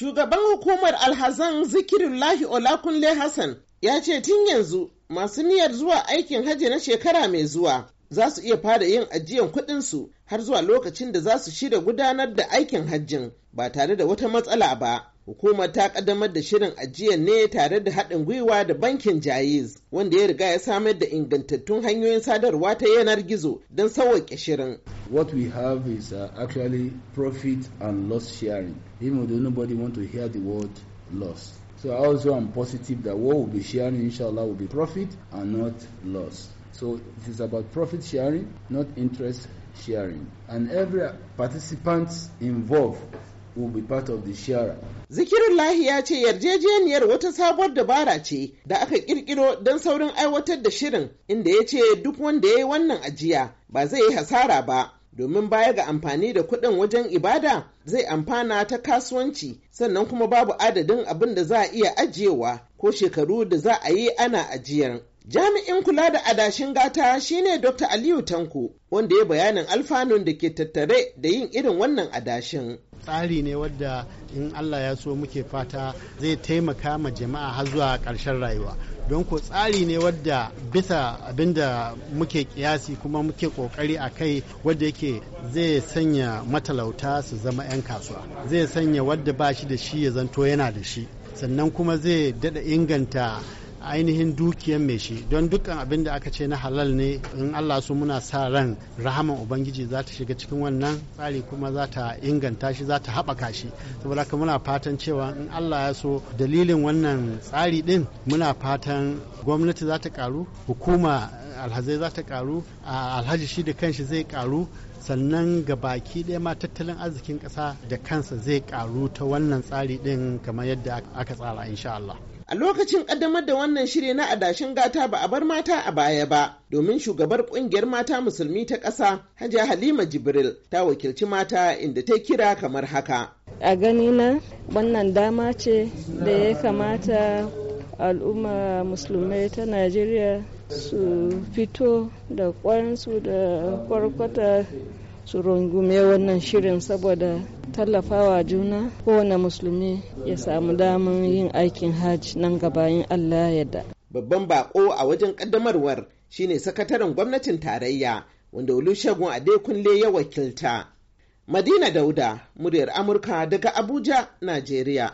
Shugaban hukumar alhazan zikirullahi Olakunle Hassan ya ce tun yanzu masu niyyar zuwa aikin hajji na shekara mai zuwa za su iya fara yin ajiyan kuɗinsu har zuwa lokacin da za su shirya gudanar da aikin hajjin ba tare da wata matsala ba. Hukumar ta kaddamar da shirin ajiyar ne tare da haɗin gwiwa da bankin Jayiz wanda ya riga ya samar da ingantattun hanyoyin sadarwa ta yanar gizo don sauwaƙe shirin. What we have is uh, actually profit and loss sharing. Even though nobody want to hear the word loss. So I also am positive that what we'll be sharing inshallah will be profit and not loss. So it is about profit sharing, not interest sharing. And every participant involved will be part of the share. Lahi ya ce yarjejeniyar wata sabuwar dabara ce da aka kirkiro don saurin aiwatar da shirin inda ya ce duk wanda ya yi wannan ajiya ba zai yi hasara ba. domin baya ga amfani da kuɗin wajen ibada zai amfana ta kasuwanci sannan kuma babu adadin abin da za a iya ajiyewa ko shekaru da za a yi ana ajiyar. Jami'in kula da adashin gata shine Dr. Aliyu Tanko wanda ya bayanin alfanun da ke tattare da yin irin wannan adashin. tsari ne wadda in allah ya so muke fata zai taimaka ma jama'a har zuwa ƙarshen rayuwa don ko tsari ne wadda bisa abinda muke kiyasi kuma muke kokari a kai wadda yake zai sanya matalauta su zama 'yan kasuwa zai sanya wadda ba shi da shi ya zanto yana da shi sannan kuma zai dada inganta ainihin dukiyan mai shi don dukkan abin da aka ce na halal ne in Allah su muna sa ran rahaman ubangiji za ta shiga cikin wannan tsari kuma za ta inganta shi za ta haɓaka shi saboda haka muna fatan cewa in Allah ya so dalilin wannan tsari din muna fatan gwamnati za ta karu hukuma alhazai za ta karu alhaji shi da kanshi zai karu sannan ga baki ɗaya ma tattalin arzikin ƙasa da kansa zai karu ta wannan tsari ɗin kamar yadda aka tsara insha Allah. A lokacin ƙaddamar da wannan shiri na adashin gata ba a bar mata a baya ba, domin shugabar ƙungiyar mata musulmi ta ƙasa, hajja Halima Jibril, ta wakilci mata inda ta kira kamar haka. A ganina wannan dama ce da ya kamata al'umma musulmai ta Najeriya su fito da kwansu da kwarkwata su rungume wannan shirin saboda tallafawa juna kowane musulmi ya samu damar yin aikin hajji nan gaba in Allah yadda. Babban bako a wajen kaddamarwar shine sakataren gwamnatin tarayya wanda Olusegun Adekunle ya wakilta. Madina Dauda, muryar Amurka daga Abuja, Najeriya.